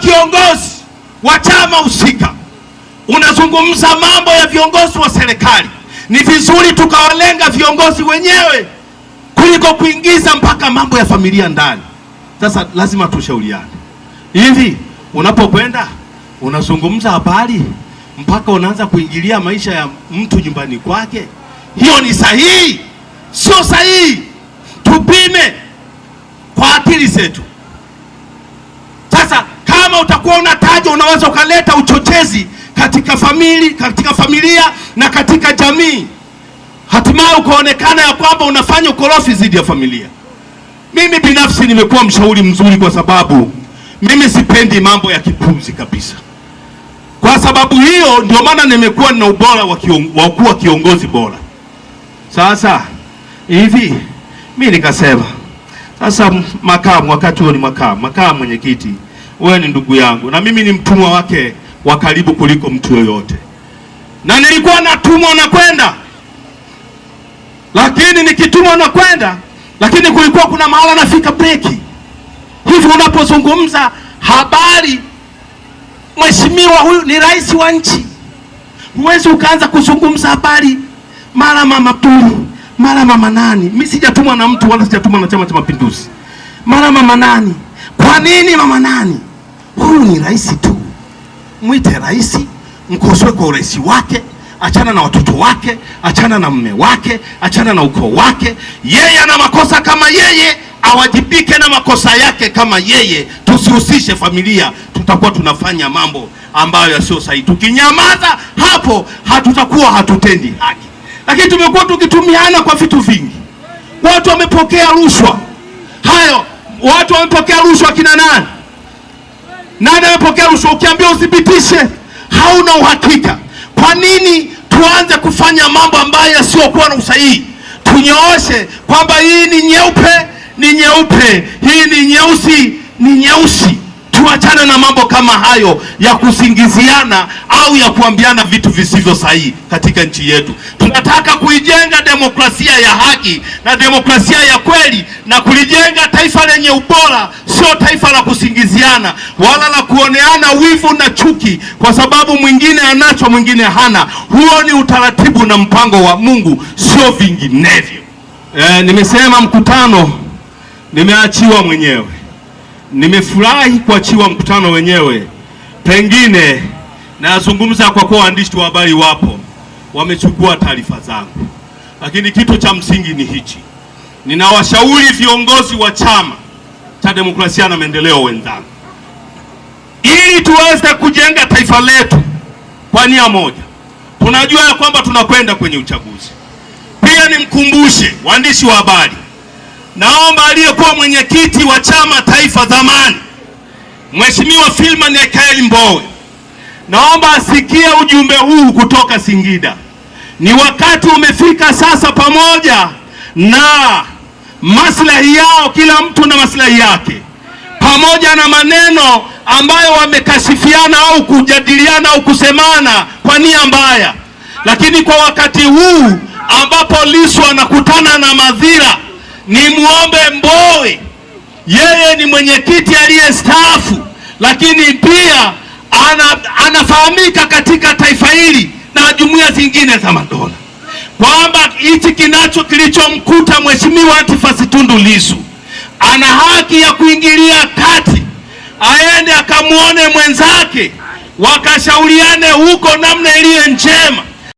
kiongozi wa chama husika unazungumza mambo ya viongozi wa serikali, ni vizuri tukawalenga viongozi wenyewe kuliko kuingiza mpaka mambo ya familia ndani. Sasa lazima tushauriane hivi, unapokwenda unazungumza habari mpaka unaanza kuingilia maisha ya mtu nyumbani kwake, hiyo ni sahihi? Sio sahihi. Tupime kwa akili zetu kama utakuwa unataja, unaweza ukaleta uchochezi katika famili, katika familia na katika jamii, hatimaye ukaonekana ya kwamba unafanya ukorofi dhidi ya familia. Mimi binafsi nimekuwa mshauri mzuri, kwa sababu mimi sipendi mambo ya kipuzi kabisa. Kwa sababu hiyo ndio maana nimekuwa na ubora wa kuwa kiongozi bora. Sasa hivi mi nikasema sasa, makamu, wakati huo ni makamu, makamu mwenyekiti wewe ni ndugu yangu na mimi ni mtumwa wake wa karibu kuliko mtu yoyote, na nilikuwa natumwa na kwenda, lakini nikitumwa na kwenda, lakini kulikuwa kuna mahala nafika breki hivi. Unapozungumza habari, mheshimiwa huyu ni rais wa nchi, huwezi ukaanza kuzungumza habari mara mama Pili mara mama nani. Mimi sijatumwa na mtu wala sijatumwa na Chama cha Mapinduzi, mara mama nani. Kwa nini mama nani? Huyu ni rais tu, mwite rais, mkosoe kwa urais wake, achana na watoto wake, achana na mme wake, achana na ukoo wake. Yeye ana makosa kama yeye, awajibike na makosa yake kama yeye. Tusihusishe familia, tutakuwa tunafanya mambo ambayo yasio sahihi. Tukinyamaza hapo, hatutakuwa hatutendi haki, lakini tumekuwa tukitumiana kwa vitu vingi. Watu wamepokea rushwa, hayo watu wamepokea rushwa kina nani? Nani amepokea rushwa, ukiambia uthibitishe, hauna uhakika. Kwa nini tuanze kufanya mambo ambayo yasiyokuwa na usahihi? Tunyooshe kwamba hii ni nyeupe, ni nyeupe, hii ni nyeusi, ni nyeusi tuachane na mambo kama hayo ya kusingiziana au ya kuambiana vitu visivyo sahihi katika nchi yetu. Tunataka kuijenga demokrasia ya haki na demokrasia ya kweli na kulijenga taifa lenye ubora, sio taifa la kusingiziana wala la kuoneana wivu na chuki, kwa sababu mwingine anacho mwingine hana. Huo ni utaratibu na mpango wa Mungu, sio vinginevyo. Eh, nimesema mkutano nimeachiwa mwenyewe nimefurahi kuachiwa mkutano wenyewe. Pengine nazungumza kwa kuwa waandishi wa habari wapo, wamechukua taarifa zangu, lakini kitu cha msingi ni hichi. Ninawashauri viongozi wa Chama cha Demokrasia na Maendeleo wenzangu, ili tuweze kujenga taifa letu kwa nia moja, tunajua ya kwamba tunakwenda kwenye uchaguzi. Pia nimkumbushe waandishi wa habari Naomba aliyekuwa mwenyekiti wa chama taifa zamani Mheshimiwa Filman Ikaeli Mbowe, naomba asikie ujumbe huu kutoka Singida. Ni wakati umefika sasa, pamoja na maslahi yao, kila mtu na maslahi yake, pamoja na maneno ambayo wamekashifiana au kujadiliana au kusemana kwa nia mbaya, lakini kwa wakati huu ambapo Lissu anakutana na madhira ni muombe Mbowe, yeye ni mwenyekiti aliyestaafu, lakini pia ana, anafahamika katika taifa hili na jumuiya zingine za madola kwamba hichi kinacho kilichomkuta mheshimiwa Antiphas Tundu Lissu, ana haki ya kuingilia kati, aende akamwone mwenzake, wakashauriane huko namna iliyo njema.